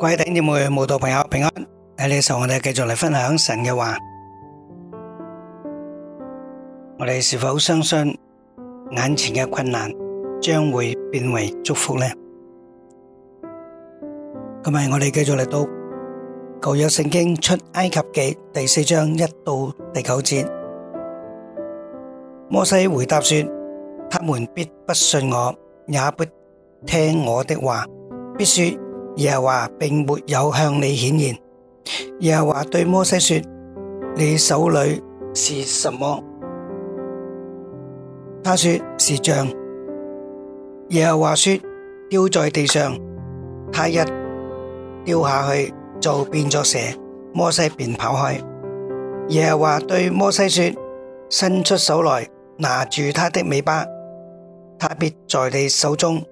各位聽眾朋友平安，喺呢個時候我哋繼續嚟分享神嘅話，我哋是否相信眼前嘅困難將會變為祝福呢？今日我哋繼續嚟到舊約聖經出埃及記第四章一到第九節，摩西回答說：他們必不信我，也不聽我的話，必說。耶華並沒有向你顯現，耶華對摩西說：你手裏是什麼？他說是杖。耶華說：丟在地上，他一掉下去就變作蛇，摩西便跑開。耶華對摩西說：伸出手來拿住他的尾巴，他必在你手中。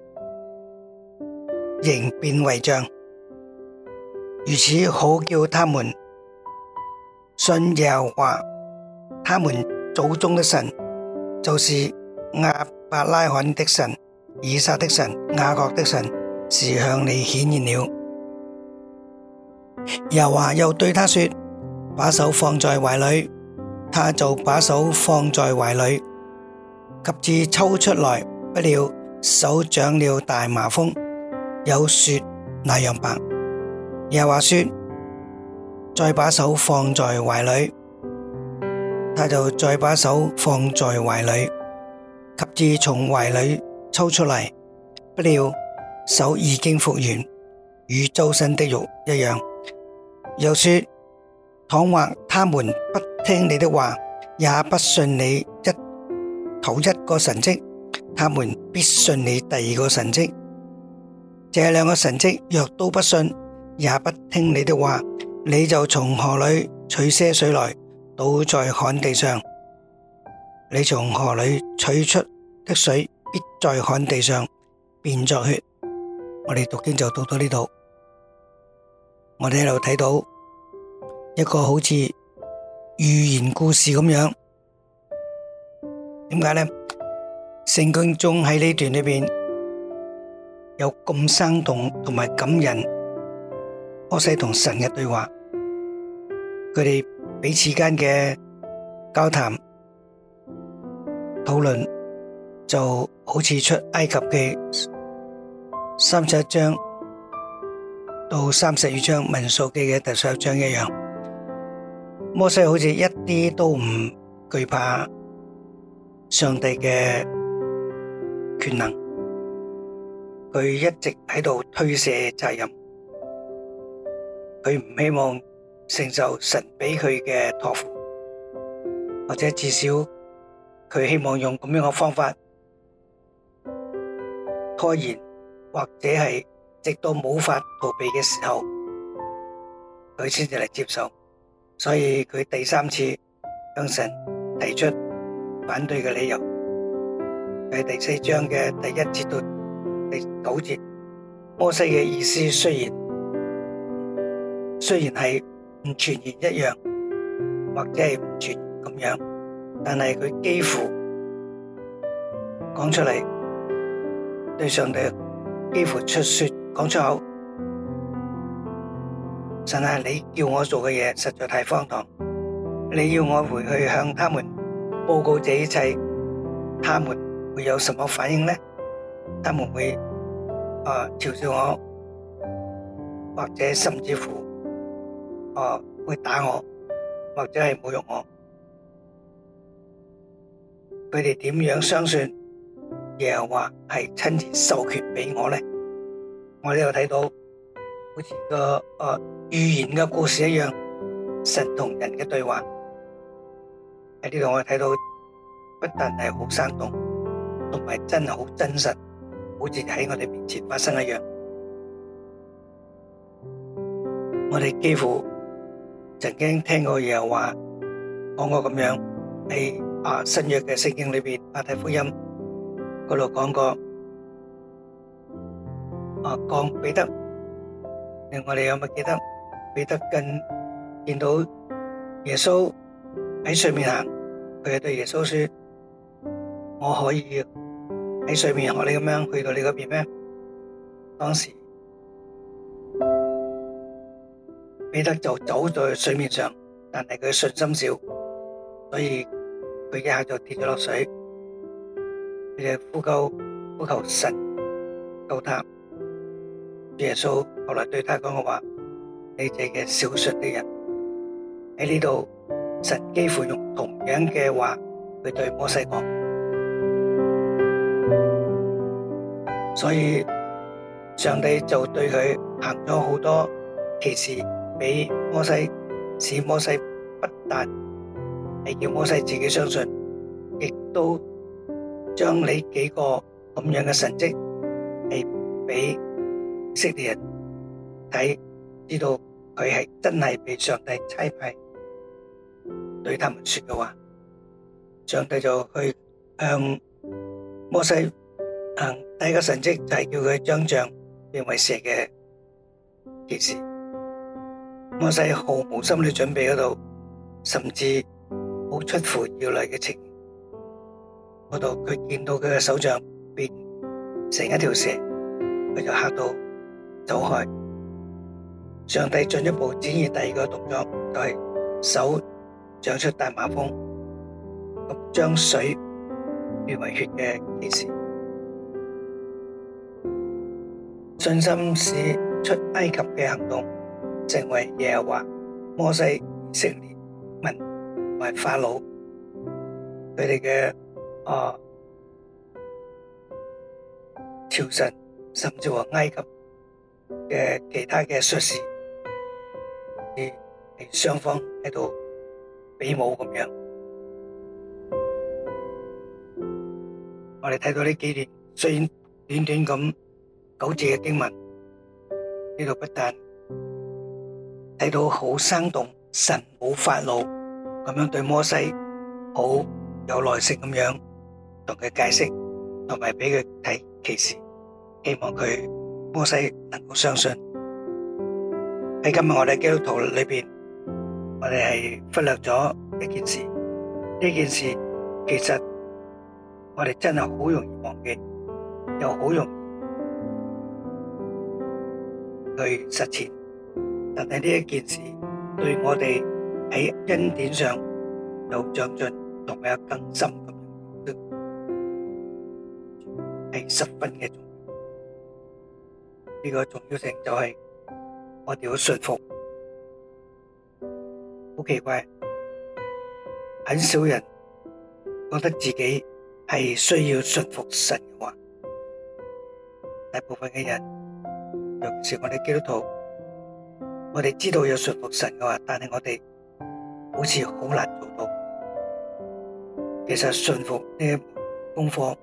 形變為杖，如此好叫他們信耶和華他們祖宗的神就是亞伯拉罕的神、以撒的神、雅各的神，是向你顯現了。耶和華又對他說：把手放在懷裏，他就把手放在懷裏，及至抽出來，不料手長了大麻風。有雪那樣白，又話說,說，再把手放在懷裏，他就再把手放在懷裏，及至從懷裏抽出嚟，不料手已經復原，與周身的肉一樣。又說，倘若他們不聽你的話，也不信你一頭一個神迹，他們必信你第二個神迹。這兩個神蹟若都不信，也不聽你的話，你就從河裏取些水來，倒在旱地上。你從河裏取出的水，必在旱地上變作血。我哋讀經就讀到咗呢度，我哋喺度睇到一個好似寓言故事咁樣，點解呢？聖經中喺呢段裏面。有咁生動同埋感人，摩西同神嘅對話，佢哋彼此間嘅交談、討論，就好似出埃及記三十一章到三十二章民數記嘅第十一章一樣。摩西好似一啲都唔懼怕上帝嘅權能。佢一直喺度推卸責任，佢唔希望承受神畀佢嘅託付，或者至少佢希望用咁樣嘅方法拖延，或者係直到冇法逃避嘅時候，佢先至嚟接受。所以佢第三次向神提出反對嘅理由，喺第四章嘅第一節度。嘅稿節，摩西嘅意思雖然雖然係唔全然一樣，或者係唔全咁樣，但係佢幾乎講出嚟，對上帝幾乎出說講出口，神啊，你叫我做嘅嘢實在太荒唐，你要我回去向他們報告這一切，他們會有什麼反應呢？他們會誒嘲笑我，或者甚至乎誒會打我，或者係侮辱我。佢哋點樣相信耶穌話係親自授權俾我咧？我哋又睇到好似個誒預言嘅故事一樣，神同人嘅對話。喺呢度，我哋睇到不但係好生動，同埋真係好真實。好似喺我哋面前發生一樣，我哋幾乎曾經聽過耶穌講過咁樣喺啊新約嘅聖經裏邊馬太福音嗰度講過啊講彼得，我哋有冇記得彼得跟見到耶穌喺上面行，佢對耶穌說：我可以。喺水面上你咁樣去到你嗰邊咩？當時彼得就走在水面上，但係佢信心少，所以佢一下子就跌咗落水。佢就呼救呼求神救他。耶穌後來對他講嘅話：你哋嘅小信的人喺呢度。神幾乎用同樣嘅話去對摩西講。所以，上帝就對佢行咗好多奇事，俾摩西似摩西，使摩西不但係叫摩西自己相信，亦都將你幾個咁樣嘅神蹟係俾以色列人睇，知道佢係真係被上帝差派對他們說嘅話，上帝就去向。摩西，嗯，第一個神蹟就係叫佢將像變為蛇嘅件事。摩西毫冇心理準備嗰度，甚至好出乎意料嘅情，嗰度佢見到佢嘅手掌變成一條蛇，佢就嚇到走開。上帝進一步展現第二個動作，就係手掌出大馬蜂，咁將水。如為血嘅啟示，信心使出埃及嘅行動成為耶和華摩西以色列民，同埋法老佢哋嘅啊，朝臣甚至話埃及嘅其他嘅術士，而雙方喺度比武咁樣。我哋睇到呢幾年，雖然短短咁九字嘅經文，呢度不但睇到好生動，神冇發怒咁樣對摩西好有耐性咁樣同佢解釋，同埋俾佢睇啟示，希望佢摩西能夠相信。喺今日我哋基督徒裏邊，我哋係忽略咗一件事，呢件事其實。我哋真係好容易忘記，又好容易去實踐，但係呢一件事對我哋喺恩典上有長進同埋更深咁認識，係十分嘅重要。呢個重要性就係我哋好信服，好奇怪，很少人覺得自己。係需要順服神嘅話，大部分嘅人，尤其是我哋基督徒，我哋知道要順服神嘅話，但係我哋好似好難做到。其實，順服這門功課，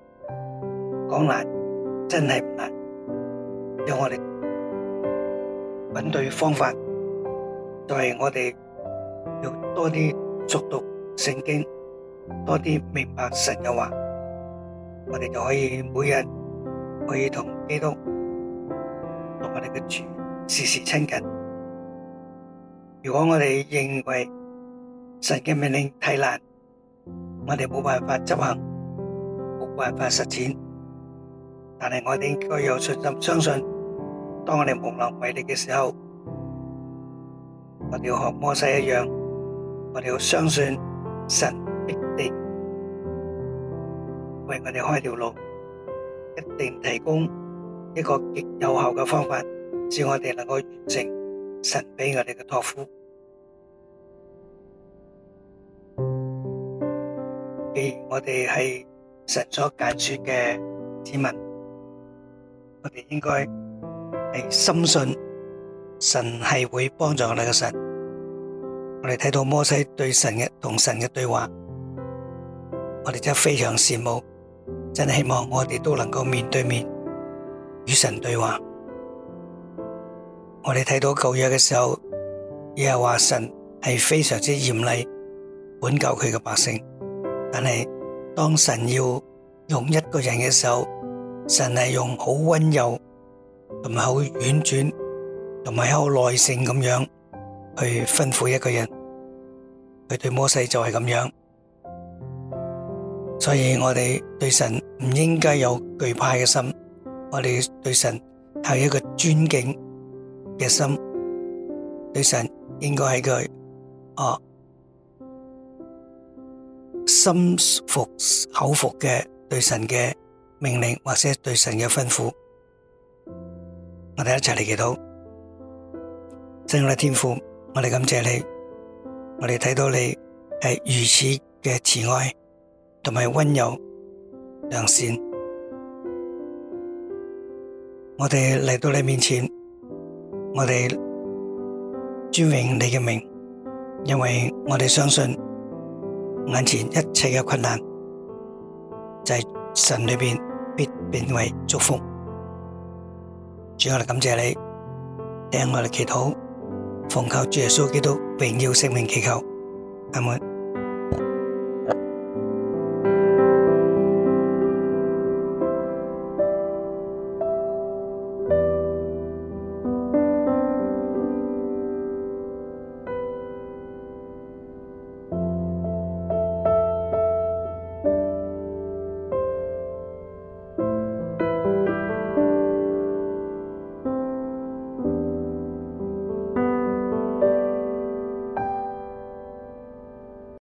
講難，真係唔難。要我哋，我哋就可以每日可以同基督同我哋嘅主時時親近。如果我哋認為神嘅命令太難，我哋冇辦法執行，冇辦法實踐，但係我哋應該有信心，相信當我哋無能為力嘅時候，我哋要學摩西一樣，我哋要相信神。為我哋開條路，一定提供一個極有效嘅方法，使我哋能夠完成神俾我哋嘅託付。既然我哋係神所揀選嘅子民，我哋應該係深信神係會幫助我哋嘅神。我哋睇到摩西對神嘅同神嘅對話，我哋真係非常羨慕。真係希望我哋都能夠面對面與神對話。我哋睇到舊約嘅時候，亦係話神係非常之嚴厲管教佢嘅百姓，但係當神要用一個人嘅時候，神係用好溫柔同埋好婉轉同埋好耐性咁樣去吩咐一個人。佢對摩西就係咁樣。所以我哋對神唔應該有懼怕嘅心，我哋對神係一個尊敬嘅心，對神應該係個哦心服口服嘅，對神嘅命令或者對神嘅吩咐，我哋一齊嚟祈禱。親愛嘅天父，我哋感謝你，我哋睇到你係如此嘅慈愛。同埋溫柔良善，我哋來到你面前，我哋尊榮你嘅名，因為我哋相信眼前一切嘅困難就係神裏邊必變為祝福。主，我哋感謝你，聽我哋祈禱，奉靠主耶穌基督榮耀聖名祈求，阿門。